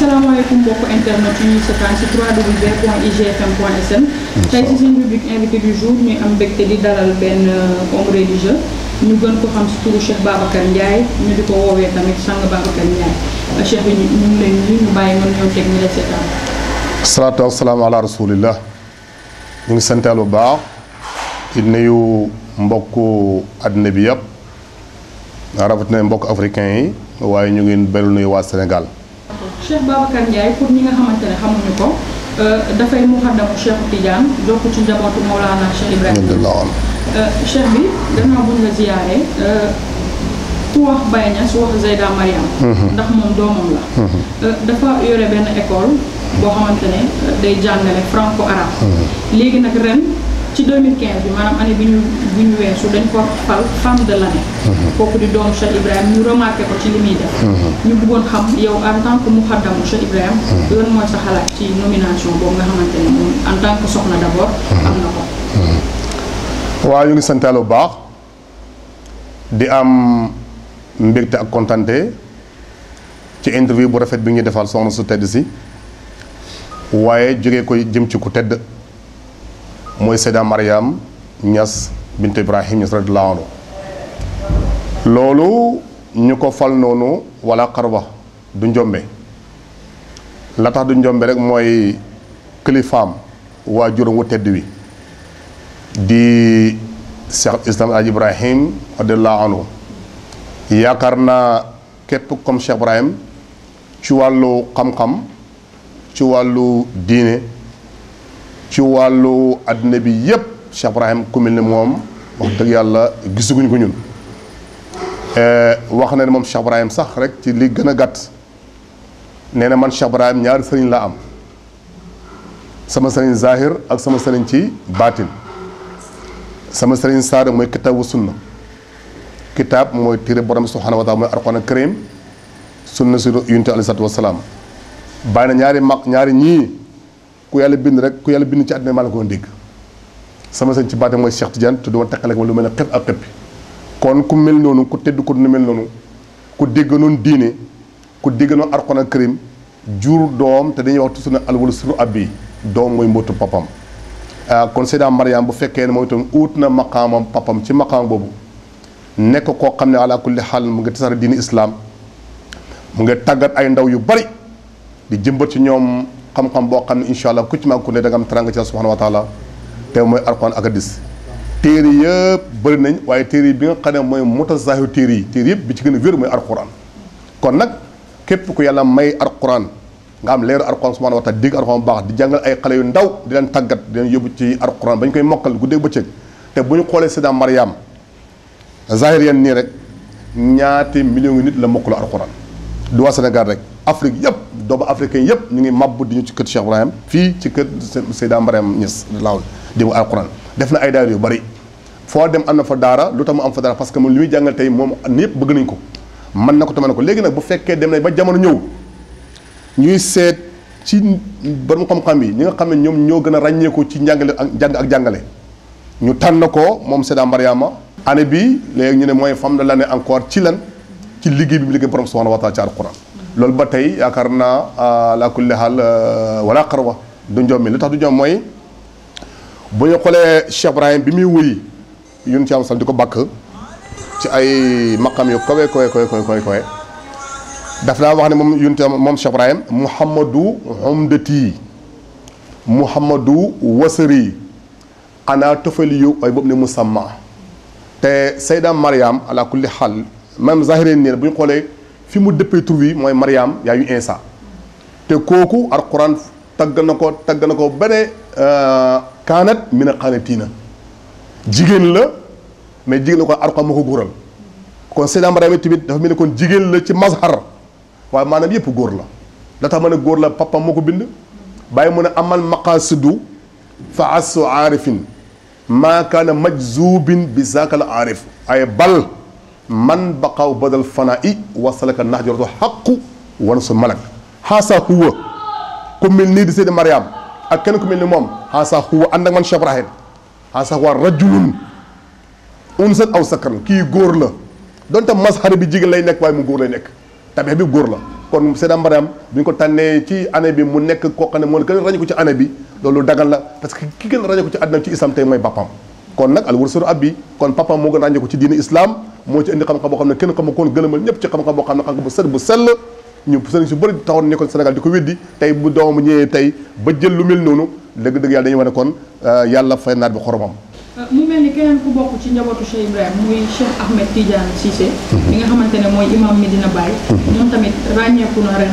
asalaamaaleykum mbokku internet yi ñuy seetaan si www.igfm.sn. tey si seen rubrique invité du jour ñuy am mbégte di dalal benn euh, homme religieux ñu gën ko xam si turu Cheikh Babacar Ndiaye ñu di ko woowee tamit sang Babacar Ndiaye euh, Cheikh bi ñu ngi ñu la seetaan. salaatu wasalaam baax di nuyu mbokku àddina bi yëpp rawatina mbokk africain yi waaye ñu ngi beral waa Sénégal. Cheikh Babacar Ndiaye pour ñi nga xamante ne xamuñu ko euh, dafay muxaddamu Cheikh Tidiane jokk ci njabootu Mawlana Cheikh Ibrahima. Euh, Cheikh bi gannaaw buñ la ziyaare euh, ku wax Baye Niass wax Zeyda Mariam mhm. ndax moom doomam la mhm. dafa yore benn école boo xamante ne day jàngale franco arabe mhm. léegi nag ren ci 2015 maanaam année bi ñu bi ñu weesu dañ ko fal femme de l'année. Mhm. kooku di doomu Cheikh Ibrahima ñu remarqué ko ci li def. Mhm. ñu bëggoon xam yow en tant que muxaddamu Cheikh Ibrahima. Mhm. lan mooy sa xalaat ci nomination boobu nga xamante ne moom en tant que soxna d'abord. am na ko. waaw ñu ngi santal bu baax di am mbégte ak kontante ci interview bu rafet bi ñuy defal soxna su tedd si waaye jóge koy jëm ci ku tedd. mooy Seyda Mariam Niass bint Ibrahim Niass radiyallahu anhu loolu ñu ko fal noonu wala xarba du njombe la tax du njombe rek mooy kilifaam waa juróom wu tedd wi di Cheikh Islam Aj Ibrahim radiyallahu anhu yaakaar naa képp comme Cheikh Ibrahim ci wàllu xam-xam ci wàllu diine ci wàllu àddina bi yépp Cheikh Ibrahim ku mel moom wax dëgg yàlla gisaguñ ko ñun eh, wax na ne moom Cheikh Ibrahim sax rek ci li gën a gàtt nee na man Cheikh Ibrahim ñaari sëriñ la am sama sëriñ zahir ak sama sëriñ ci baatin sama sëriñ saada mooy kitaabu sunna kitaab mooy téere borom subhaanahu wa taala mooy alquraan karim sunna si yunte alayhi salaatu wasalaam bàyyi na ñaari mag ñaari ñii ku yàlla bind rek ku yàlla bind ci àddina maa la ko dégg sama sëñ ci baate mooy Cheikh Tidiane te du ma teqale ak ma lu mel ne xëpp ak xëppi kon ku mel noonu ku tedd ko nu mel noonu ku dégg noonu diine ku dégg noonu Alxuraan karim jur doom te dañuy wax tuuti na alwala suru ab bi doom mooy mbootu papam ah, kon Seyda Mariam bu fekkee ne moom itam uut na maqaamam papam ci maqaam boobu nekk koo xam ne ala kulli xaal mu ngi tasaare diine islaam mu ngi tàggat ay ndaw yu bari di jëmbat ci xam-xam boo xam ne incha allah ku ci mag ku ne da nga am teranga ci la subhanahu wa taala te mooy alquran ak hadis téere yëpp bëri nañ waaye téere bi nga xam ne mooy mutazahiru téere yi téere yëpp bi ci gën a wér mooy alquran kon nag képp ku yàlla may alquran nga am leeru alquran subhanahu wa taala dégg alquran bu baax di jàngal ay xale yu ndaw di leen tàggat di leen yóbbu ci alquran ba ñu koy mokkal guddeeg bëccëg te bu ñu xoolee sida Mariam zahir yan nii rek ñaati million ngi nit la mokkalu alquran du waa Sénégal rek Afrique yëpp doomu africain yëpp ñu ngi màbb di ñu ci kër Cheikh Ibrahim fii ci kër Seyda Mariam Niass Lawal di mu alquran def na ay daara yu bari foo dem am na fa daara lu tax mu am fa daara parce que moom li muy tey moom ñëpp bëgg nañ ko man na ko tamit na ko léegi nag bu fekkee dem ba jamono ñëw ñuy seet ci borom xam-xam yi ñi nga xam ne ñoom ñoo gën a ràññeeku ci njàngale ak jàng ak jàngale ñu tànn ko moom Seyda Mariama année bii léegi ñu ne mooy femme de ne encore ci lan ci liggéey bi mu liggéey borom subhanahu wa taala ci loolu ba tey yaakaar naa la kulli xaal wala xarwa du njom mi li tax du njom mooy bu ñu xoolee Cheikh Ibrahim bi muy wuy yun ci am sam di ko bàkk ci ay maqam yu kowe kowe kowe kowe kowe kowe daf naa wax ne moom yun ci am moom Cheikh Ibrahim Muhammadu umdati Muhammadu wasari ana tofali yu ay boobu ne musamma te Sayda Mariam ala kulli xaal même zahiri nii bu ñu xoolee fi mu dëppee tur bi mooy Mariam yaayu Insa te kooku alquran tagg na ko tagg na ko ba ne euh, kaanat mina qaanatiina jigéen la mais jigéen la kon alquran moo ko góoral kon Seydina Mariam tamit dafa mel ne kon jigéen la ci mazhar waaye maanaam yëpp góor la da tax ma góor la papa moo ko bind bàyyi mu ne amal maqasidu fa asu aarifin majzubin bi zaakal aarif ay bal man baqaw badal fanaa'i wasalaka nahjuratu xaqu wan su malak xaasa huwa ku mel nii di Seydi Mariam ak kenn ku mel ni moom xaasa huwa ànd ak man Cheikh Ibrahim xaasa huwa rajulun unsan aw sakran kii góor la donte mazhar bi jigéen lay nekk waaye mu góor lay nekk tabe bi góor la kon Seydi Mariam bu ñu ko tànnee ci année bi mu nekk koo xam ne moo gën a ràññi ko ci année bi loolu dagal la parce que ki gën a ràññi ko ci àddina ci islam tey mooy bappam kon al wërsëru ab bi kon papam moo gën a ràññi ci diini islam moo ci indi xam-xam boo xam ne kenn xamu koon gëlëmal ñëpp ci xam-xam boo xam ne xam-xam bu set bu sell ñu sëriñ si taxoon nekkoon Sénégal di ko weddi tey bu doomam ñëwee tey ba jël lu mel noonu dëgg-dëgg yàlla dañuy wane kon euh, yàlla fay naat bi xoromam euh, mu mel ni keneen ku bokk ci njabootu Cheikh muy Cheikh Ahmed Tidiane Cissé. mi mhm. nga xamante ne mooy imam Medina Baye. Mhm. ñoom tamit ràññeeku na ren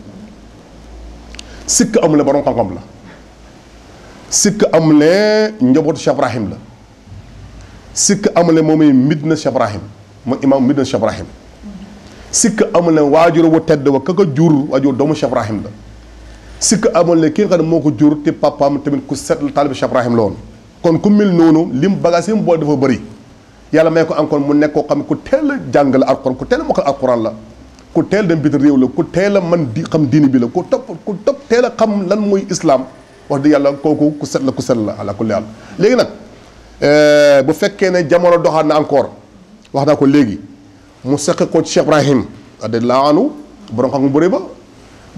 sikk amu ne borom xam-xam la sikk amu ne njabootu Cheikh la sikk amule moom moomay mid na Cheikh Ibrahim mooy imaam mid na Cheikh Ibrahim sikk amu ne waajur wu tedd wa kaka jur waajur doomu Cheikh Ibrahim la sikk amu ne ki nga ne moo ko jur te papaam tamit ku set la taalibe Cheikh Ibrahim la kon ku mel noonu lim bagage yi mu boole dafa bëri yàlla may ko kon mu nekk koo xam ne ku teel a jàngale alquran ku teel a mokkal alquran la. ku teel dem bitim réew la ku teel a man di xam diini bi la ku topp ku topp teel a xam lan mooy islam wax dëgg yàlla kooku ku set la ku set la ala kulli haal léegi nag eh, bu fekkee ne jamono doxaat na encore wax naa ko léegi mu seq ko ci Cheikh Ibrahim radiyallaahu anhu borom xam nga bëri ba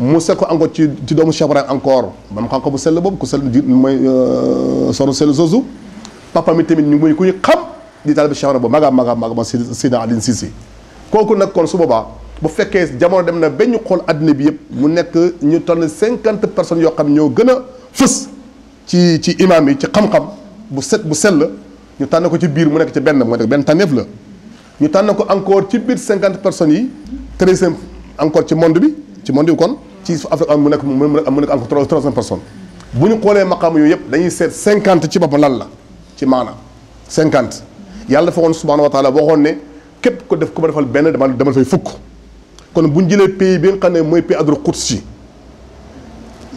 mu seq ko ci ci doomu Cheikh Ibrahim encore man xam ko bu sell boobu ku sell di mooy euh, soru sell soosu papa mi tamit ñu muy ku ñu xam di taal bi Cheikh Ibrahim ba maga maga maga ma Seydina Alioune Cissé kooku nag kon su boobaa. bu fekkee jamono dem na ba ñu xool àddina bi yëpp mu nekk ñu toll cinquante personnes yoo xam ñoo gën a fës ci ci imaam yi ci xam-xam bu set bu la ñu tànn ko ci biir mu nekk ci benn moo nekk benn tànneef la ñu tànn ko encore ci biir cinquante personnes yi treizième encore ci monde bi ci monde bi kon ci Afrique mu nekk mu nekk mu nekk encore troisième personne bu ñu xoolee am yooyu yëpp dañuy seet cinquante ci boppam lan la ci maanaam cinquante yàlla dafa woon subhaanahu wa taala waxoon ne képp ko def ku ma defal benn dama demal fay fukk kon bu ñu jëlee pays bi nga xam ne mooy pays adru Quds yi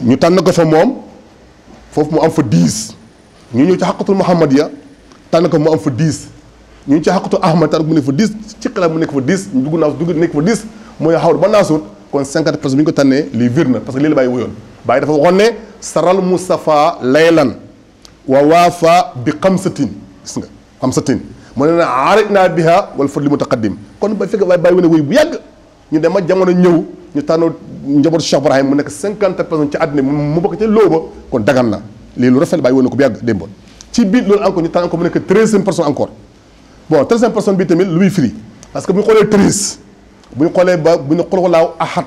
ñu tànn ko fa moom foofu mu am fa 10 ñu ñëw ci xaqatul Muhammad ya tànn ko mu am fa 10 ñu ci xaqatul Ahmad tànn ko mu nekk fa 10 ci xalaat mu nekk fa 10 ñu dugg naa dugg nekk fa 10 mooy xawru ba naasut kon 50 personnes bi ñu ko tànnee lii wir na parce que lii la bàyyi woyoon bàyyi dafa waxoon ne saral Mustafa laylan wa waafa bi xam gis nga xamsatin mu ne na aarit naa biha wala fadli mutaqaddim kon ba fekk waaye bàyyi wane bu yàgg ñu dem ak jamono ñëw ñu tànn njabootu Cheikh Ibrahim mu nekk cinquante personnes ci àddina mu bokk ci looba kon dagan na lii rafet bàyyi woon na ko bu yàgg démboon ci biir loolu encore ñu tànn ko mu nekk treizième personne encore bon treizième personne bi tamit lu muy firi que bu xoolee treize bu ñu xoolee ba bu ñu xool laaw ahad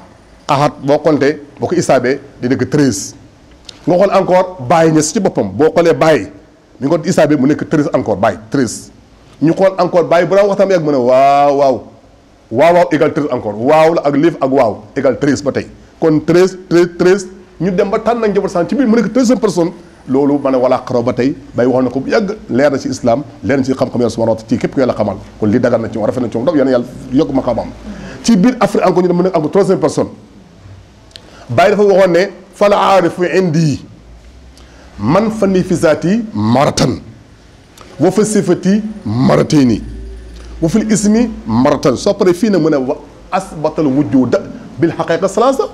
ahad boo compté boo ko isaabee di nekk treize nga xool encore bàyyi ñes ci boppam boo xoolee bàyyi mi ngi ko mu nekk treize encore bàyyi treize ñu xool encore bàyyi bu daan waxtaan yàgg mën ne waaw waaw waaw waaw égal treize encore waaw la ak liif ak waaw égal treize ba tey kon treize treize treize ñu dem ba tànn ak njaboot sànq ci biir mu nekk treizième personne loolu ma ne wala xaraw ba tey bay wax na ko bu yàgg leer na ci islam leer na ci xam-xam yàlla subhanahu wa taala ci képp ku yàlla xamal kon li dagan na ci moom rafet na ci moom ndaw yàlla yàlla biir Afrique encore ñu dem mu nekk encore troisième dafa waxoon ne fala aarifu indi man fan ni fisaati maratan wa fa sifati maratayni وفي الاسم مرتن سوبر فينا من اثبت الوجود بالحقيقه ثلاثه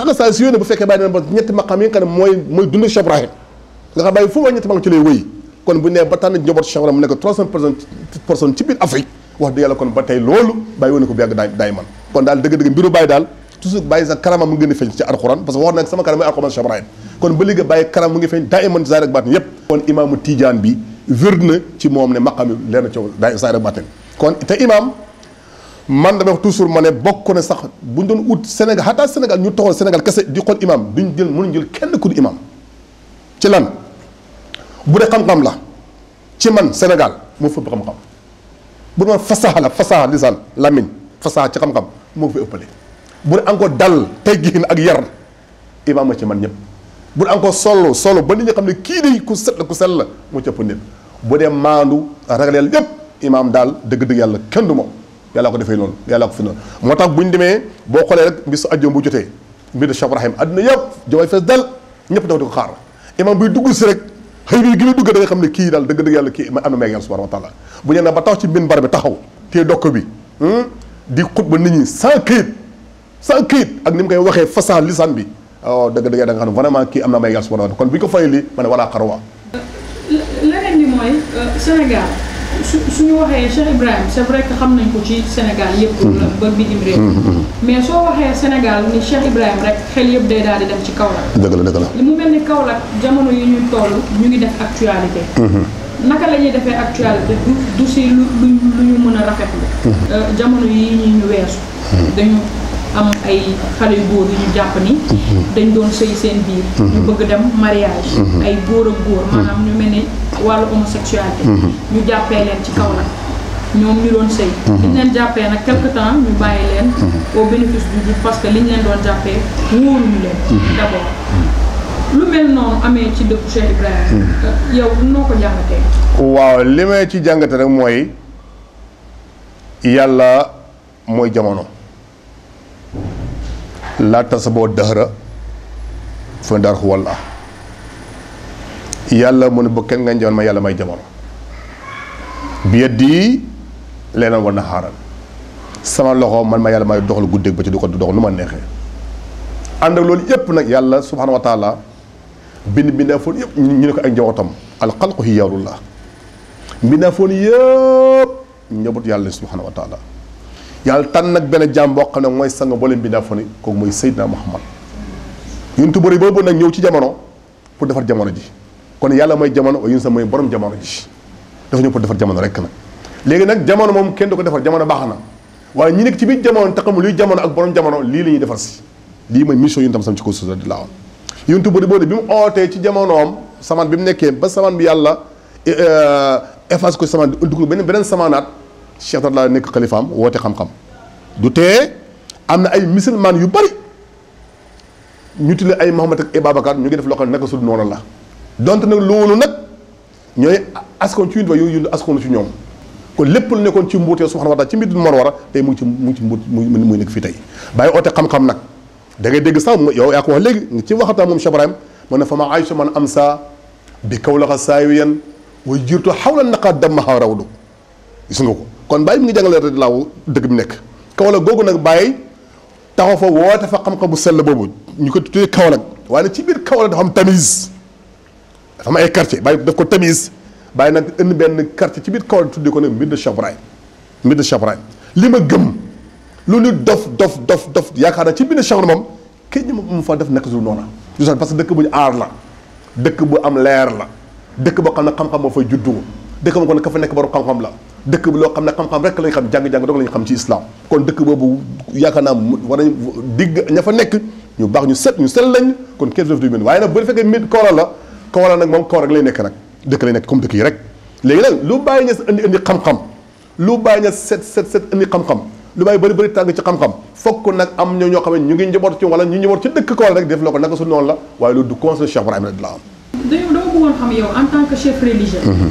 حنا ساسيون بو فك با نيت مقامين كان موي موي دوند شيخ ابراهيم لا باي فو نيت ما تي لي وي كون بو ني با تان جوبر شيخ ابراهيم نك 300 بيرسون تي بيت افريك واخ دي يالا كون با تاي لولو باي ونيكو بيغ دايمان كون دال دغ دغ بيرو باي دال توسو باي سا كرام مو غني فين سي القران باسكو ورنا سما كرام القران شيخ ابراهيم كون بليغ باي كرام مو غني فين دايمان زارك بات ييب كون امام تيجان بي wér na ci moom ne maqam yi leer na ci daay saayra bàttin kon te imaam man dama wax toujours ma ne bokk na sax bu ñu doon ut Sénégal xataa Sénégal ñu toxal Sénégal kese di xool imaam duñ jël mënuñ jël kenn ku di imaam ci lan bu dee xam-xam la ci man Sénégal moo fa ëpp xam-xam bu doon fasaxa la ci xam moo fa ëppale bu dee encore dal teggiin ak yar imaam ma ci man ñëpp bu dee encore solo solo ba nit ñi xam ne kii day ku set la ku sell la moo ci ëpp bu dee maandu ragaleel lépp imaam daal dëgg-dëgg yàlla kenn du moom yàlla ko defee noonu yàlla ko fi noonu moo tax bu ñu demee boo xoolee rek mbir su ajjom bu jotee mbir de Cheikh Ibrahim àdduna yëpp jaway fees ñëpp dafa di ko xaar buy dugg si rek xëy bi gi muy dugg da xam ne kii daal dëgg-dëgg yàlla kii am na meeg yàlla subhanahu wa taala bu ñu bi taxaw te dokk hmm, di xutba nit ñi sans këyit sans këyit ni mu koy waxee fasaa lisan bi oh dëgg-dëgg da nga ne vraiment kii am na kon bu ñu ko fayee lii ma ne walaa xarwa mooy euh, Sénégal su ñu waxee Cheikh Ibrahima c'est vrai que xam nañ ko ci Sénégal yëpp mm-hmm. ba bitim réew mm-hmm. Mm-hmm. mais soo waxee Sénégal ni Cheikh Ibrahima rek xel yëpp day daal di dem ci Kaolack dëgg la dëgg la mu mel ni kaw Kaolack jamono yi ñu toll ñu ngi def actualité naka lañuy defee actualité du du si lu lu ñu mën a rafetlu euh, jamono yi ñu weesu dañu am ay xale yu góor yu ñu jàpp ni mhm. dañ doon sëy seen biir mhm. ñu bëgg dem mariage mhm. ay góor ak góor maanaam ñu mel ne wàllu homosexualité ñu jàppee leen ci kaw la ñoom ñu doon sëy liñ leen jàppee nag quelque temps ñu bàyyi leen au bénéfice du doute parce que liñ leen doon jàppee wóoruñu leen d'abord lu mel noonu amee ci dëkku Cheikh Ibrahima euh, yow noo ko jàngatee waaw li may ci jàngate rek mooy yàlla mooy jamono laa tasaboo dëxëra fa ndar walla yàlla mu ne bu kenn nga njoon ma yàlla may jamono bi yeddi leneen war na xaaral sama loxo man ma yàlla may doxal guddeeg ba ci du ko dox nu ma neexee ànd ak loolu yépp nag yàlla subhaanahu wa taala bind mbindaafoon yëpp ñu ne ko ak njabootam yàlla subhaanahu wa taala yàlla tànn nag benn jaam boo xam ne mooy sang boo leen bindaa foni kooku mooy Seydina Muhammad yuntu bëri boobu nag ñëw ci jamono pour defar jamono ji kon yàlla mooy jamono waaye yun borom jamono ji dafa ñëw pour jamono rekk léegi nag jamono moom kenn du ko defar jamono baax na waaye ñi nekk ci biir jamono te xamul luy jamono ak borom jamono lii la ñuy defar si lii ma mission yun tam sam ci ko suuf di laaw yuntu bëri boobu bi mu ootee ci jamonoom samaan bi mu nekkee ba samaan bi yàlla eh, eh, effacé ko samaan di ko beneen beneen samaanaat Cheikh Abdoulaye nekk xalifaam woote xam-xam du te am na ay musulman yu bari ñu tuddee ay Mahamad ak Ababacar ñu ngi def loo xam ne naka sul noonu la donte nag loolu nag ñooy askan ci yun fa yooyu yun askanu ci ñoom kon lépp lu nekkoon ci mbuutee subhanahu wa ci mbir mor war a tey mu ngi ci mu ngi ci mbuut muy nekk fii tey bàyyi oote xam-xam nag da dégg sax yow yaa ko wax léegi ci waxataa moom Cheikh Ibrahim mu ne fa ma aysa man am saa bi kaw laxa saayu yan way jirtu xawla naqaa dammaha rawdu gis nga ko kon bàyyi mu ngi jàngale rek laaw dëgg bi nekk Kaolack googu nag bàyyi taxaw fa woote fa xam-xam bu sell boobu ñu ko kaw la waaye ci biir Kaolack dafa am tamise dafa am ay quartier bàyyi daf ko tamis bàyyi nag indi benn quartier ci biir Kaolack tuddee ko nag mbir de Chabraay mbir de Chabraay li ma gëm lu ñu dof dof dof dof yaakaar naa ci biir Chabraay moom kenn mu fa def nekk su noona parce que dëkk bu ñu aar la dëkk bu am leer la dëkk boo xam ne xam-xam moo fay juddu dëkk boo ne ka fa nekk borom xam-xam la dëkk bi loo xam ne xam-xam rek lañ xam jàng-jàng dong lañ xam ci islam kon dëkk boobu yaakaar naa war a digg ña fa nekk ñu baax ñu set ñu sel lañ kon kenn def du mel waaye nag bu fekkee mit nekk nag dëkk lay nekk comme rek léegi lu bàyyi ñes indi indi xam lu bàyyi ñes set set indi xam-xam lu bàyyi bëri bëri tàng ci xam-xam fokk nag am ñoo ñoo xam ne ñu ngi njaboot ci wala ñu njaboot ci dëkk kawra rek ko naka su noonu la waaye loolu du conseil Cheikh Ibrahima la am. dama bëggoon xam yow en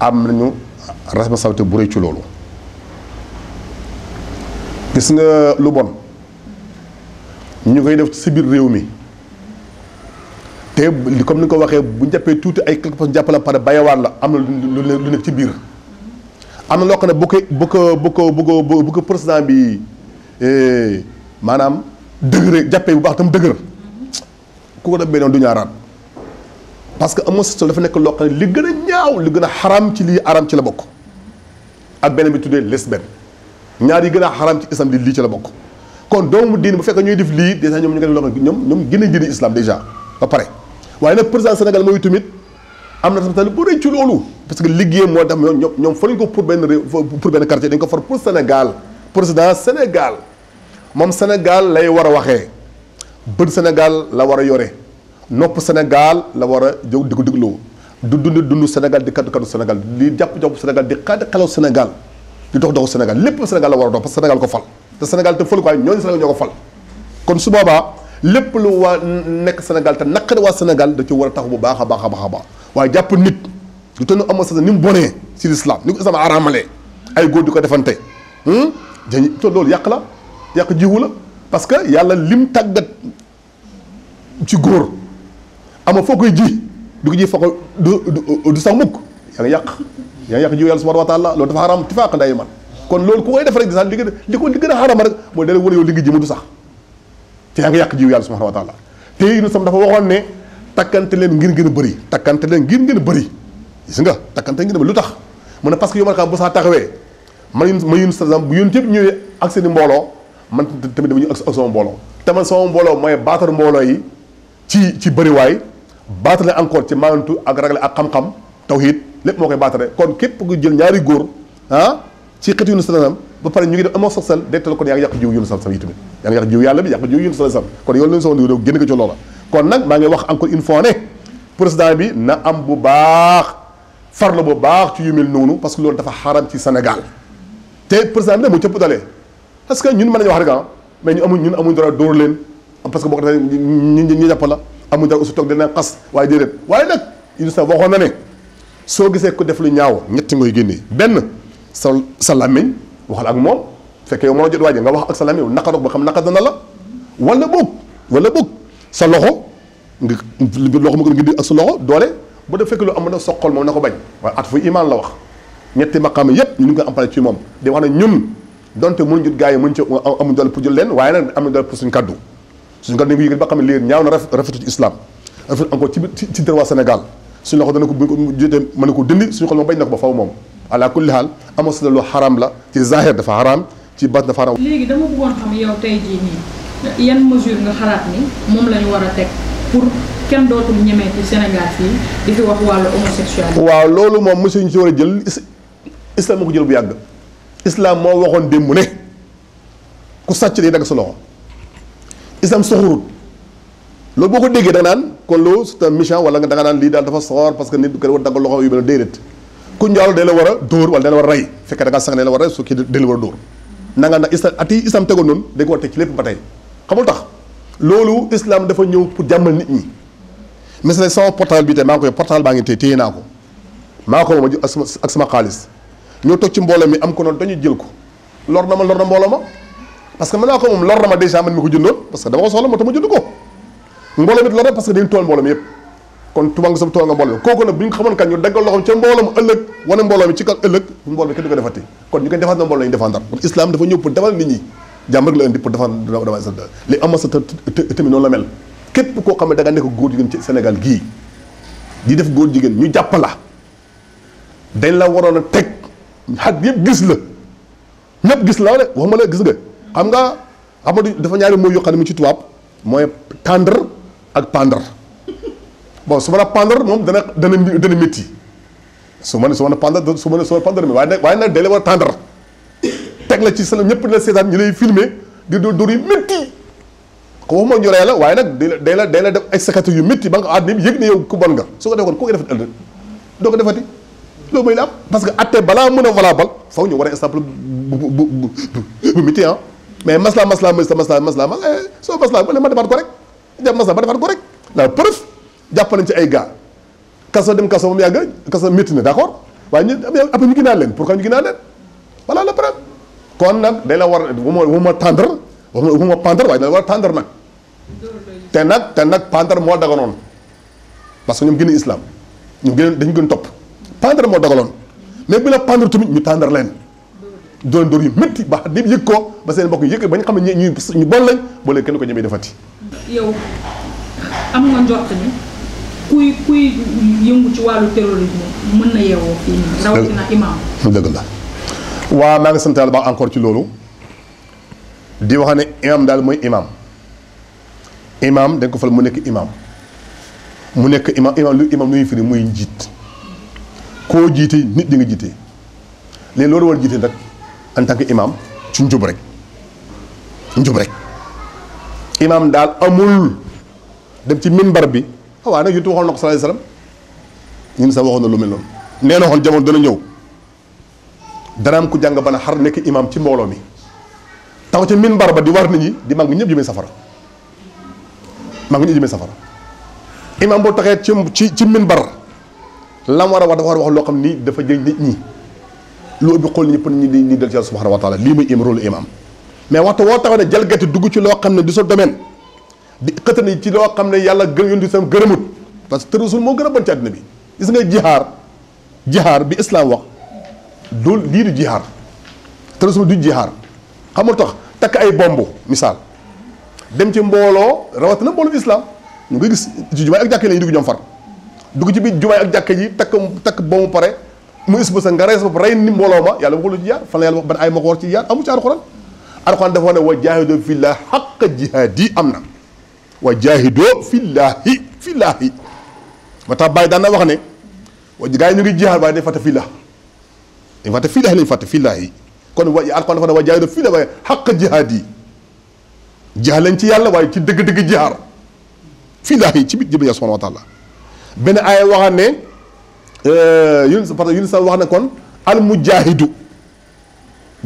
am nañu responsabilité bu rëy ci loolu gis nga lu bon ñu koy def ci biir réew mi te comme ni nga ko waxee bu jàppee tuuti ay quelque chose jàppale pare bayawaat la am na lu lu nekk ci biir am na loo xam ne bu ko bu ko bu ko bu ko bu ko président bi eh, maanaam dëgëre jàppee bu baax tam dëgër ku ko def benn du ñaaraat. parce que homosexuel dafa nek lo xam li gën ñaaw li gën haram ci li aram ci la bokk ak benen bi tuddee lesben ñaar yi gën haram ci islam li lii ci la bokk kon doomu diin bu fekk ñoy def li déjà ñom ñu ngi lo ñom ñom ñoom jëri islam déjà ba pare waye nak président Sénégal moy tamit amna sama tal bu reccu lolu parce que liggéey mo dam ñom ñom fa lañ ko pour ben pour ben quartier dañ ko for pour Sénégal président Sénégal mom Sénégal lay wara waxé bëd Sénégal la wara yoré nopp Sénégal la wara diglo du dund Sénégal di kaddu kaddu Sénégal di japp Sénégal di Sénégal di dox dox Sénégal lepp Sénégal la wara que Sénégal ko fal te Sénégal te ful ko ñoo Sénégal fal kon su Baba lepp lu nekk Sénégal te Sénégal da ci wara tax bu nit te nous sa ci l'islam ni ko islam aramalé ay goor di ko defante hum? to yak la yak jiwu la parce que yalla lim ci amma nga koy ji du ko ji foo ko du du sax mukk ya nga yak ya nga yak jiw yalla subhanahu wa taala loolu dafa haram tifaq nday man kon loolu ku koy def rek di sax li li ko li gën haram xaram rek mooy dala wone yow li nga ji mu du sax te ya nga yak jiw yalla subhanahu wa taala te yi yinu sam dafa waxoon ne takkante len ngir gën a bëri len ngir gën a gis nga takkante ngir lu tax mu ne parce que yomal ka bu sa taxawé man yun ma yun sam bu yun tepp ñewé ak seen mbolo man tamit dama ñu ak sama mbolo te man sama mbolo moy baatar mbolo yi ci ci bari way baatale encore ci maantu ak ragal ak xam-xam tawhid lépp moo koy baatale kon képp ku jël ñaari góor ah ci xeetu Yunus salaam ba pare ñu ngi def amoo sax sal dettal kon yaa ngi bi yàq jiw Yunus salaam kon yow lañu soxla yow génn bi na am bu baax farla bu baax ci yu mel noonu parce que loolu dafa xaram ci Sénégal te président bi nag mu cëpp que ñun mën nañu wax rek ah, mais ñu amuñ ñun amuñ dara dóor leen parce que boo ko defee ñu ñu jàpp la amu jag su toog dina xas waaye déedéet waaye nag il sa waxoon na ne soo gisee ko def lu ñaaw ñetti ngoy génnee benn sa sa làmmiñ waxal ak moom fekkee yow mën a nga wax ak sa làmmiñ yow naqaroog ba xam naqar dana la wala boog wala boog sa loxo nga loxo mu ngi di ak sa loxo doole bu def fekk lu am na soqal moom na ko bañ waaye at fu imaan la wax ñetti maqaama yépp ñu ngi ko ampale ci moom di wax ne ñun donte mënuñ jot gars yi mu ci amuñ doole pour jël leen waaye nag am na doole suñ kaddu suñ ko dañ ko yëg ba xam ne léegi ñaaw na rafetu ci islam rafet encore ci ci dara waa Sénégal suñu loxo dana ko bu ko jotee na ko dindi suñu xol moom bañ na ko ba faw moom ala kulli haal amoo si lu xaraam la ci zahir ni moom la ñu war a teg pour kenn dootul ñemee ci Sénégal fii di fi wax wàllu homosexualité. waaw loolu moom monsieur ñu si war a jël islam moo ko jël bu yàgg islam moo waxoon démb ne ku sàcc day dagg sa loxo. islam soxorut loolu boo ko déggee da nga naan kon loo su un méchant wala da nga naan lii daal dafa soxor parce que nit ko war daggal loxo a dóor wala da war a rey a rey su kii da la war a dóor nanga nag islam at yi islam tegoon noonu dañ ko war teg ba tey xamul tax loolu islam dafa ñëw pour jàmmal nit ñi mais c'est sama bi tey maa ngi koy portable baa ngi tey téye naa ko maa ko moom ak sama xaalis ñoo toog ci mbooloo mi am ko noonu dañuy jël ko lor na ma lor na mbooloo ma parce que mën naa ko moom lor na ma dèjà man mi ko jëndoon parce que dama ko soxla moo tax ma jënd ko mbooloo mit lor na parce que dañ tool mbooloo mi kon tubaab nga sa tool nga mbooloo mi kooku nag bu ñu xamoon kan ñu daggal loxoom ca mbooloo ëllëg wane mbooloo mi ci kaw ëllëg bu mbooloo mi kenn du ko defati kon ñu koy defaat na mbooloo ñu kon islam dafa ñëw pour am sa mel képp koo xam ne da nga nekk góor jigéen ci Sénégal gii di def góor jigéen ñu jàpp la la waroon a teg xat yëpp gis la ñëpp gis la waxuma la gis nga xam nga amadou dafa ñaari mo yoo xam ne ci tubaab moy tendre ak pandre bon suma pandre la dana dana dana metti suma ma ne suma ma la pendre su ma ne su ma la pendre waaye nag la tendre tek la ci sama ñepp dina sétan ñu lay filmer di do do yu métti ko mo ñu reela la nak nag day la day la def ay sakatu yu metti ba nga adim yegg ne yow ku bon nga su ko ku ko defati ëllëg ko defati lo mooy la parce que até bala mën valable faw ñu wara exemple bu bu bu bu métti ah. mais maslaa maslaa mooy sa maslaa maslaa eh, ma soo maslaa ma ne ma defaat ko rek jàpp maslaa ma defaat ko rek la preuve jàpp nañ ci ay gars kaso dem kaso moom yàgg kaso métti na d' accord waaye ñu après ñu ginnaaw leen pourquoi ñu ginnaaw leen voilà la preuve kon nag day la war a wu ma wu ma tendre wu ma pendre waaye dina war a tendre nag te nag te nag pendre moo daganoon parce que ñoom génn islam ñu gën dañu gën topp pendre moo dagaloon mais bi la pendre tamit ñu tendre leen doon dóor yu métti ba xam yëg ko ba seen mbokk yëg ba ñu xam ne ñu ñu bon lañ boo leen kenn ko ñemee defati. yow am nga njort ni kuy kuy yëngu ci wàllu terrorisme mën na yeewoo fii rawatina imam. dëgg la waaw maa ngi sant yàlla baax encore ci loolu di wax ne daal mooy imam imam dañ ko fal mu nekk imam mu nekk imam imam lu imam lu ñuy firi muy njiit koo jiite nit ñi nga jiite loolu war jiite nag. en tant que imam ci njub rek njub rek imam dal amul dem ci minbar bi ah wa nag yutu waxoon na sallallahu alayhi wasallam ñun sa waxoon lu mel non neena na waxoon jamono dana ñew dana am ku jang bana har nek imam ci mbolo mi taw ci minbar ba di war nit ñi di mag ñepp jume safara mag ñi jume safara imam bo taxé ci ci minbar lam wara wax dafa wax dafa jëñ nit ñi lu ubbi xol ñëpp ñi di ñi del ci yàlla subhanahu wa taala lii muy im rôle imam mais waxtu woo taxaw ne jalgati dugg ci loo xam ne du sa domaine di xëtani ci loo xam ne yàlla gën yónni sam gërëmut parce que tërësul moo gën a bon ci àddina bi gis nga jihaar jihaar bi islam wax dool lii du jihaar tërësul du jihaar xam nga tax takk ay bomb misaal dem ci mbooloo rawatina na islam ñu ngi gis ci jumaay ak jàkk yi la ñu dugg ñoom far dugg ci biir jumaay ak jàkk takk takk bomb pare mu is bu sa nga rey sa bopp rey ni mbooloo ma yàlla waxul ci jaar fan ci jaar amu ci alxuraan ne wa jaahido fillah ba tax bàyyi daan wax ne wa yi ñu ngi jihaad waaye dañ fàtte fillah dañ fàtte fillahi lañ fàtte fillahi kon wa alxuraan dafa ne wa jaahido waaye xaqa jihaadi jihaad lañ ci yàlla waaye ci dëgg-dëgg jihaar fillahi ci biir jëmm ya subhanahu benn aaya waxaan ne Euh, Yunus parce que Yunus wax na kon al mujaahidu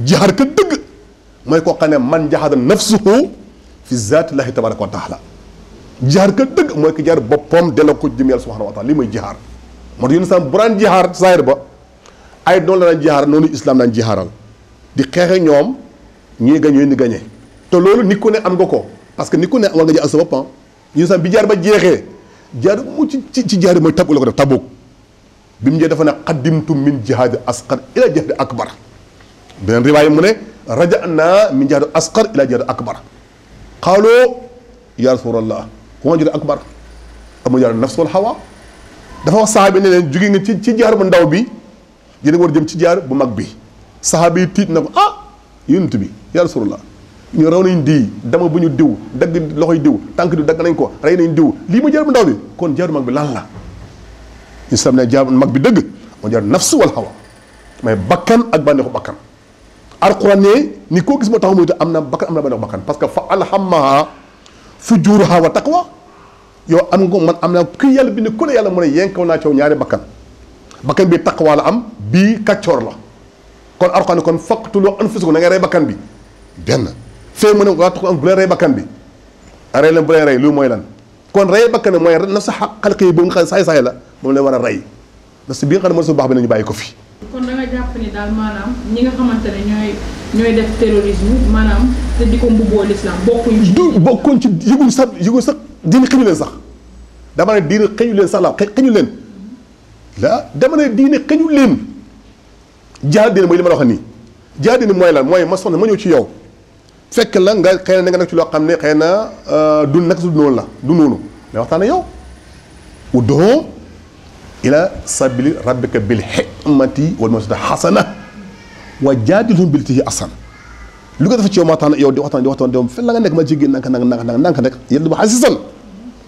jihar ka dëgg mooy ko xam ne man jahada nafsuhu fi zaatillahi tabaraka wa taala jihar ka dëgg mooy ki jaar boppam delloo ko jëm yàlla subhanahu wa taala lii mooy jihar moo tax Yunus bu daan jihar saayir ba ay doon la daan jihar noonu islaam daan jiharal di xeexe ñoom ñii gañee ni gañee te loolu nit ku ne am nga ko parce que nit ku ne war nga ji ak sa bopp ah. Yunus bi jaar ba jeexee jaar mu ci ci jaar mooy tab bi mu njee dafa ne xaddimtu min jihaadi asqar ila jihaadi akbar beneen riwaaya mu ne raja naa min jihaadi asqar ila jihaadi akbar xaaloo ya rasulallah ku ma jihaadi akbar amu jihaadi nafs wal hawa dafa wax saxaabi ne leen jóge nga ci ci jihaad bu ndaw bi yéen war jëm ci jihaad bu mag bi saxaabi yi tiit na ko ah yonent bi ya rasulallah ñu raw nañ di dama bu ñu diw dagg loxoy diw tànk diw dagg nañ ko rey nañ diw lii mu jihaad bu ndaw bi kon jihaad mag bi lan la islam ne jaam mag bi dëgg moo jaar nafsu wal hawa mais bakkan ak bànneexu bakkan alquran ne ni koo gis moo tax muy te am na bakkan am na bànneexu bakkan parce que fa alhamaha fujuruha wa yow am nga man am naa ku yàlla bi ne ku ne yàlla mu ne yenkaw naa coow ñaari bakkan bakkan bi taqwa la am bii kàccoor la kon alquran ne kon na nga bakkan bi benn fee mu ne waa leen bakkan bi rey leen bu leen rey loolu mooy lan kon rey bakkan mooy na sa xalqi boobu nga xam saay saay la moom la war a rey parce que bi nga xam ne mooy suñu baax bi nañu bàyyi ko fi. kon da jàpp ni daal maanaam ñi nga xamante ne ñooy ñooy def terrorisme maanaam te di ko mbubboo l'islam bokkuñ ci. du bokkuñ ci yëgul sax yëgul sax diine xëñu leen sax dama ne diine xëñu leen sax la xëñu leen la leen jihaad mooy ma la wax nii jihaad diine mooy lan mooy ma soxna ma ñëw ci yow fekk la nga xëy na nga nekk ci loo xam ne xëy na euh, du nag su noonu la du noonu mais waxtaan yow ila sabili rabbika bil hikmati wal mawsidati hasana wa jadilhum bil tiji asan lu ko def ci yow ma tan yow di waxtaan di waxtaan dem fi la nga nek ma ci gën nank nank nank nank rek yedd bu hasisan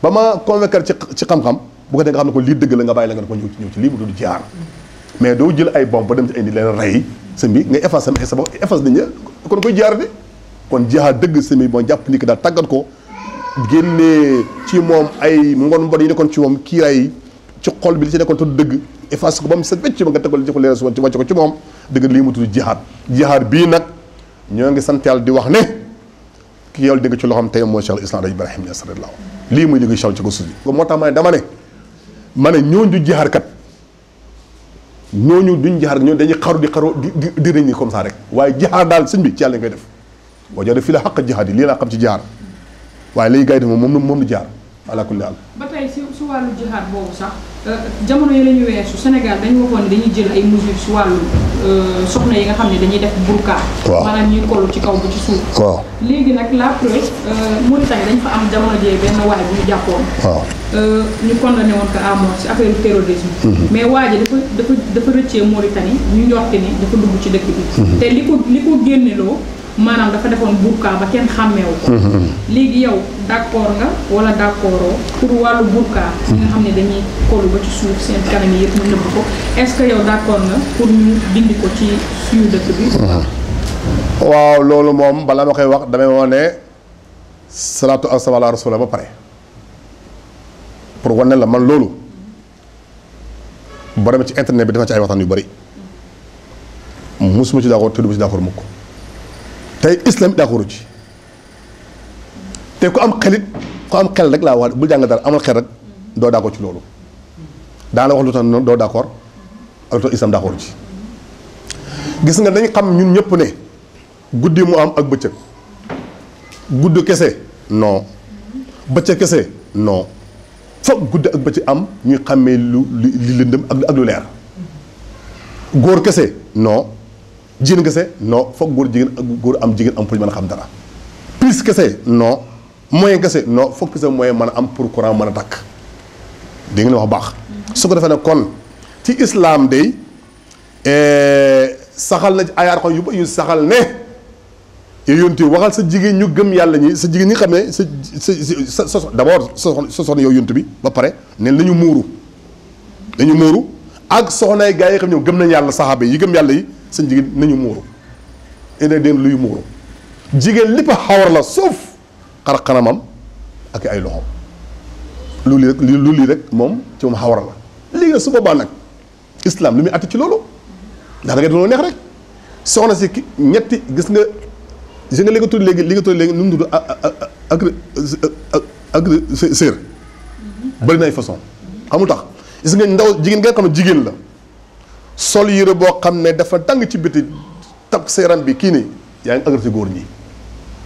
bama convaincre ci ci xam xam bu ko de nga xam ne ko lii dëgg la nga bàyyi la nga ko ñëw ci ñëw ci lii mu dul jaar mais doo jël ay bomb ba dem ci ay nit leen rey sëñ bi nga effacer ay sa bopp effacer nit ña kon koy jaar de kon jihaad dëgg sëñ bi bon jàpp ni ki daal tàggat ko génnee ci moom ay ngon mbon yi nekkoon ci moom kiiraay ci xol bi li ci nekkoon tudd dëgg efface ko ba mu set wecc ba nga tegal ko leeral suba ci wàcc ko ci lii mu tudd jihaad bii nag ñoo ngi sant yàlla di wax ne ki yow dëgg ci loxoom tey mooy Cheikh Islam Ibrahim Ibrahima Niass radiyallahu lii muy dëgg Cheikh ci ko suuf bi. moo tax ma ne ne ma ne ñooñu du jihaad kat ñooñu duñ jihaad ñooñu dañuy xaru di xaru di di nañ ni comme ça rek waaye jihaad daal sëñ bi ci yàlla lañ def waaye daf fii la xaq jihaad yi lii laa xam ci jihaad waaye léegi gars yi moom moom moom la jaar ala kulli wàllu jihaad boobu sax euh, jamono yi la ñu weesu senegal dañu waxoon dañuy jël ay mesures si wàllu euh, soxna yi nga xam ne dañuy def burka. waaw maanaam ñuy kollu ci kaw bu ci suuf. waaw léegi nag la preuve euh, Mauritanie dañ fa am jamono jee benn waay bu ñu jàppoon. waaw ñu condamné woon ko à si affaire terrorisme. Mm-hmm. mais waa ji dafa dafa dafa rëccee Mauritanie ñu njorti ni dafa dugg ci dëkk bi. Mm-hmm. te li ko li ko génneloo. maanaam dafa defoon burka ba kenn xàmmeewu ko. Mm-hmm. léegi yow d' nga wala d' pour wàllu burka. ñi mm-hmm. nga xam ne dañuy kolu ba ci suuf seen kanam yi yëpp ñu nëbb ko est ce que nga pour ñu dindi ko ci suñu dëkk bi. Mm-hmm. waaw loolu moom bala ma koy wax damay wane ne salaatu asalaam ala ba pare pour wane la man loolu boo demee ci internet bi dafa na ci ay waxtaan yu bëri mosuma ci d' accord tudd ma ci d' accord mukk tey islam daaxuru ci te ku am xelit ku am xel rek laa wax bu jàng dara amal xel rek doo d'accord ci loolu daan la wax lu tax doo d'accord ak lu tax islam daaxuru ci gis nga dañ xam ñun ñëpp ne guddi mu am ak bëccëg guddi kese non bëccëg kese non foog guddi ak bëccëg am ñu xàmmee lu li lëndëm ak lu leer góor kese non jigéen kese non foog góor jigéen ak góor am jigéen am pour a xam dara prise kese non moyen kese non foog prise moyen mën a am pour courant mën a takk dégg nga wax baax. Mhm. su ko defee na kon ci islaam day eh, saxal na ci ayaar ko yu ba yu saxal ne yow yonent bi waxal sa jigéen ñu gëm yàlla ñi sa jigéen ñi xam ne sa sa sa d'abord sa soxna yow yonent bi ba pare ne nañu muuru nañu muuru ak soxnaay gars yi xam ñoom gëm nañ yàlla saxaaba yi gëm yàlla yi. seen jigéen nañu muuru ina den luy muuru jigéen lépp xawar la sauf xar xanamam ak ay loxo lu lii rek lu lii rek moom ci moom xawar la léegi su boobaa nag islam lu muy àtte ci loolu ndax da nga doon neex rek soxna si ñetti gis nga gis nga li nga tudd léegi li nga tudd léegi nu mu tudd ak ak séer mhm. bëri na ay a xamul tax gis nga ndaw jigéen nga xam ne jigéen la sol yére boo xam ne dafa tàng ci biti tab sa bi kii nii yaa ngi agressé góor ñi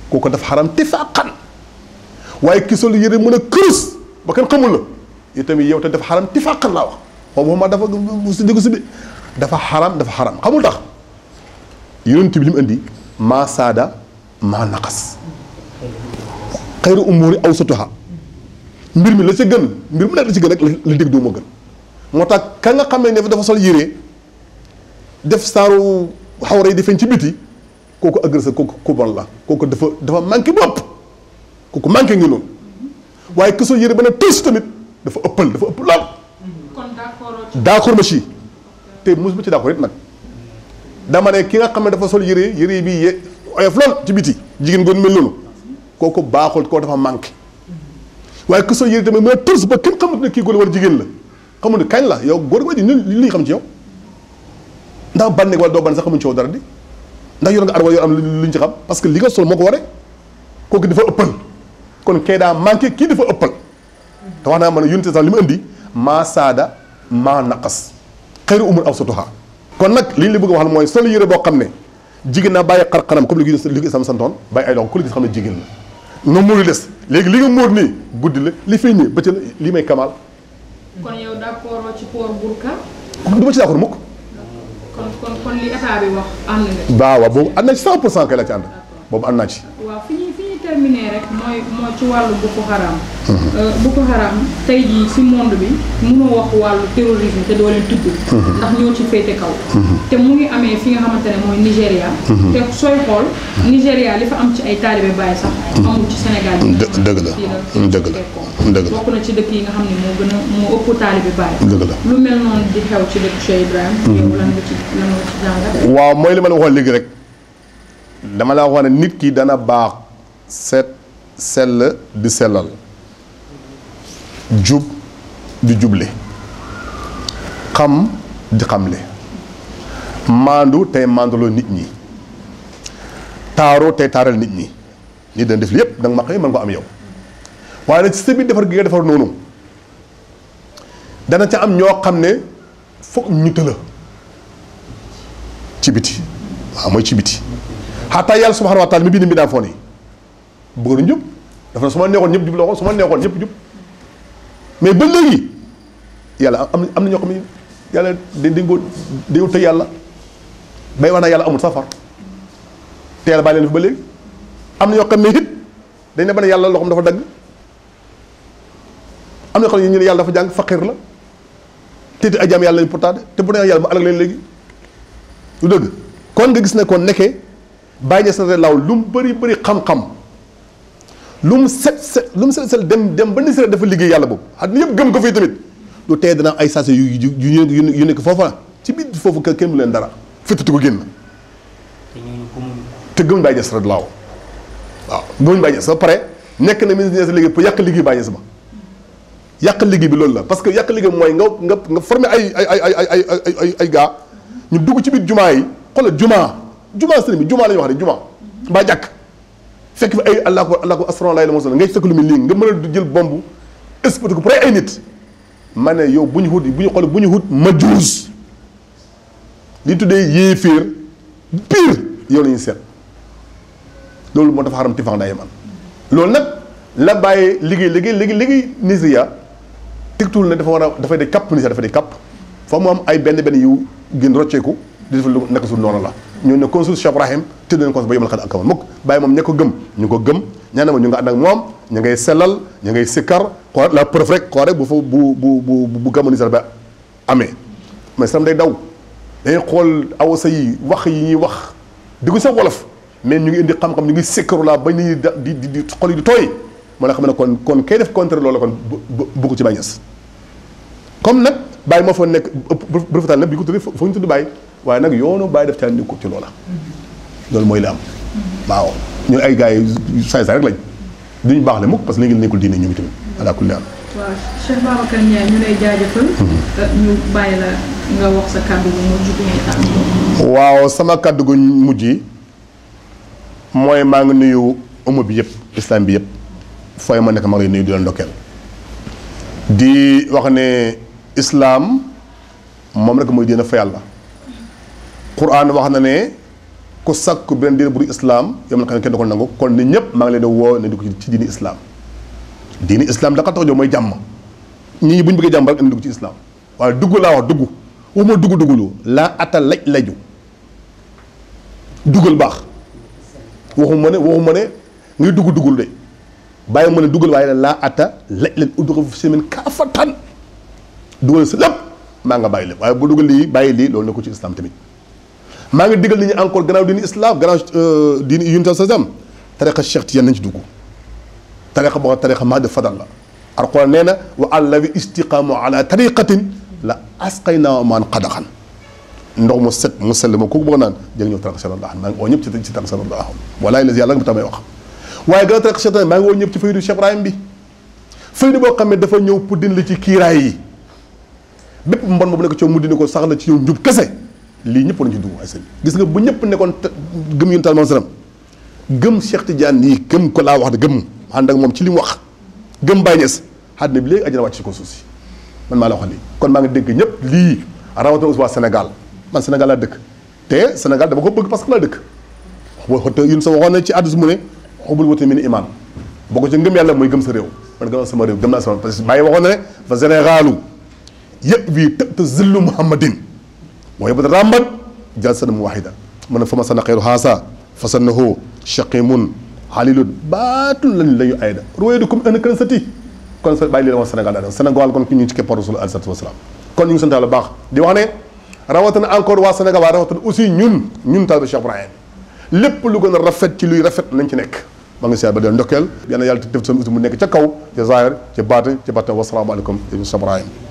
kooku dafa xaram tifaaqan waaye ki sol yére mën a kërus ba kenn xamul la itamit yow te dafa xaram tifaaqan laa wax moom dafa si dégg si dafa xaram dafa xaram xamul tax yonent bi li mu indi maa saada maa naqas xayru umuri awsatuha mbir mi la ci gën mbir mu nekk la ci gën rek la dégg doo gën moo tax ka nga xam ne dafa sol yére def saaru xawra yi di feeñ ci biti kooku agresseur kooku ku la kooku dafa dafa manqué bopp kooku manqué ngi noonu waaye ki yëre ba ne tus tamit dafa ëppal dafa ëpp lool. kon d' accord ma ci te mos ma ci d' accord it nag dama ne ki nga xam ne dafa sol yëre yëre bi ye oyof lool ci biti jigéen goon mel noonu kooku baaxul koo dafa manqué waaye ki yëre tamit mooy tus ba kenn xamut ne kii góor war jigéen la xamut ne kañ la yow góor war ji ñun li xam ci yow. ndax ban nekk wala doo ban sax xamuñ coow dara di ndax yor nga ar wala yor am luñ ci xam parce que li nga sol moo ko waree kooku dafa ëppal kon kee daa manqué kii dafa ëppal te wax naa ma ne yunte sax li mu indi maa saada maa naqas xëyru umur aw satuha kon nag li ñu la bëgg a waxal mooy sol yére boo xam ne jigéen naa bàyyi xar xanam comme ko islam santoon bàyyi ay loxo ku la gis xam ne jigéen la nga muuru des léegi li nga muur nii guddi la li fay ñëw bëccëg la li may kamaal kon du ma ci d'accord mukk kon kon kon boobu am na ci 100 ci ànd. boobu am naa ci. waaw fi ñuy fi rek mooy mooy ci wàllu Boko Haram. Mhm. Euh, Boko Haram tey jii si monde bi mënoo wax wàllu terrorisme te doo leen mhm. ndax ñoo ci féete kaw. Mhm. te mu ngi amee fi nga xamante mooy Nigéria. te sooy xool. Nigéria li fa am ci ay taalibe bàyyi sax. amul ci Sénégal. dë dëgg la dëgg la. dëgg mhm. waaw mooy li ma la léegi rek dama la waxoon nit ki dana baax set sell di sellal jub di juble xam di xamle maandu tey maanduloo nit ñi taaru tey taaral nit ñi nit dañ def yépp danga ma xëy mën ko am yow. waaye nag ci sa biir defar gi nga defar noonu dana ca am ñoo xam ne foog ñu tëla ci biti waaw mooy ci biti xataa yàlla subhanahu wa taala mi bind mi daa foon yi bëggoon njub dafa su ma neexoon ñëpp jub la ko su ma neexoon ñëpp jub mais ba léegi yàlla am am na ñoo xam ne yàlla dañ dañ ko yàlla bay wax naa yàlla amul safar te bàyyi leen fi ba léegi am na ñoo xam ne it dañ ne yàlla loo xam dafa dagg. am na xam ne ñu ne yàlla dafa jàng faqir la te it ay jaam yàlla lañ pourtant te bu neexee yàlla mu alag leen dëgg kon nga gis ne kon nekkee bàyyi ñes na laaw lu mu bëri bëri xam lu mu set set lu mu set set dem dem ba ni si dafa liggéey yàlla boobu at yëpp gëm ko fii lu tey dana ay sase yu yu yu yu nekk foofa ci biir foofu kenn mu leen dara fëttati ko génn. te gëmuñ bàyyi ñes na laaw waaw gëmuñ bàyyi ñes ba pare nekk na ministre ñes léegi pour yàq liggéey bàyyi ñes ba. yàq liggéey bi loolu la parce que yàq liggéey mooy nga nga nga formé ay ay ay ay ñu dugg ci biir jumaa yi xoolal jumaa jumaa sëriñ bi jumaa la ñuy wax jumaa mbaa jàkk fekk fi ay allahu allahu asalaamaaleyhi la mos a ngay fekk lu muy lii nga mën a jël bomb exploité ko pour ay nit ma ne yow bu ñu xut bu ñu xool bu ñu xut majuus li tuddee yéeféer pire yow la ñuy seet loolu moo dafa xaram tifaan day man loolu nag la bàyyee liggéey liggéey liggéey liggéey Nigeria tegtul ne dafa war a dafay de kàpp ministère dafay de kàpp fa mu am ay benn benn yu gën rocceeku di def lu nekk sul noonu la ñoo ne consul Cheikh Ibrahim tëdd nañ ko ba yemal xat ko ñu ko gëm ñaana ma ñu nga ànd moom ñu ngay sellal ñu ngay sikkar xoo la preuve rek rek bu fa bu bu bu bu gàmmu nisar ba amee mais sam day daw dañuy xool awasa yi wax yi ñuy wax di sa sax wolof mais ñu ngi indi xam-xam ñu ngi sikkaru laa bañ nañu di di di xol yi di tooy moo la xam ne kon kon kay def contre loolu kon bu bu ko ci bàyyi comme nag bàyyi moo fa nekk ëpp rafetal nag bi ko tudd foo bàyyi waaye nag yoonu bàyyi def caa nekkul ci loola loolu mooy la am waaw ñun ay gars yi saay saay rek lañ duñu baax le mukk parce que léegi nekkul ñu ngi mhm. euh, tamit nga wax sa sama kàddu gu mujj yi maa ngi nuyu umma ma nekk ma ngi wax ne islam moom rek mooy diina fa yàlla quran wax na ne ku sàkku beneen diina bu islaam yomal xam ne kenn du ko nangu kon ne ñëpp maa ngi leen di woo ne di ko ci diini islaam diini islaam da ko tax jox mooy jàmm ñi ñi bu ñu bëggee jàmm rek indi dugg ci islaam waaye dugg laa wax dugg waxuma dugg duggulu laa ata laj laju dugal baax waxuma ne waxuma ne ngay dugg duggul de bàyyi ma ne dugal waaye laa ata laj laj udduxu fi semaine kaafatan dougal sa lépp maa nga bàyyi waye bu dougal li bàyyi lii loolu nekkul ci islam tamit ma nga digal nit ñi encore grand dini islam grand diini yunta sa sam tariqa cheikh Tijaan nañ ci dugg tariqa bo xam tariqa mahdi fadal la alquran neena wa allahi istiqamu ala tariqatin la asqayna man qadakhan ndox mo set musallama ko bo nan jeug ñu jëg ñëw tariqa cheikh allah maa ngi oo ñëpp ci ci tariqa alaihi wasallam wallahi la yàlla nga tamay wax waye gannaaw tariqa sallallahu alaihi wasallam ma ngi oo ñëpp ci feydu cheikh Ibrahim bi feydu bo xamé dafa ñëw pour din li ci kiray yi bépp mbon boobu nekk ci yow mu dindi ko sax la ci yow njub kese lii ñëpp war ci dugg ay sëñ gis nga bu ñëpp nekkoon gëm yun talman salam gëm Cheikh Tidiane nii gëm ko laa wax de ànd ak moom ci li mu wax gëm Baye Niass àddina bi léegi àjjana ci ko suuf si man maa la wax lii kon maa ngi dégg ñëpp lii rawatina aussi waa Sénégal man Sénégal laa dëkk te Sénégal dama ko bëgg parce que laa dëkk waxta yun sa waxoon na ci àddus mu ne xubul wate mi ne iman boo ko ci ngëm yàlla mooy gëm sa réew man gëm sama réew gëm naa sama parce que Baye waxoon ne fa généralu يأوي تحت ظل محمد ويبدأ رامد جلسة واحدة من فما سنقير هذا فسنه شقيم حليل باتل لن لا يؤيد رويدكم أنا كنستي kon bàyyi li la wax Sénégal daal Sénégal kon ki ñu ngi ci képp rasul alayhi salaatu wasalaam kon ñu ngi sant yàlla baax di wax ne rawatina encore waa Sénégal waaye rawatina aussi ñun ñun taalibe Cheikh Ibrahim lépp lu gën a rafet ci luy rafet nañ ci nekk ma ngi siyaar ba dee ndokkeel yal na yàlla def sama uti mu nekk ca kaw ca zaahir ca baatin ca baatin wasalaamaaleykum Cheikh Ibrahim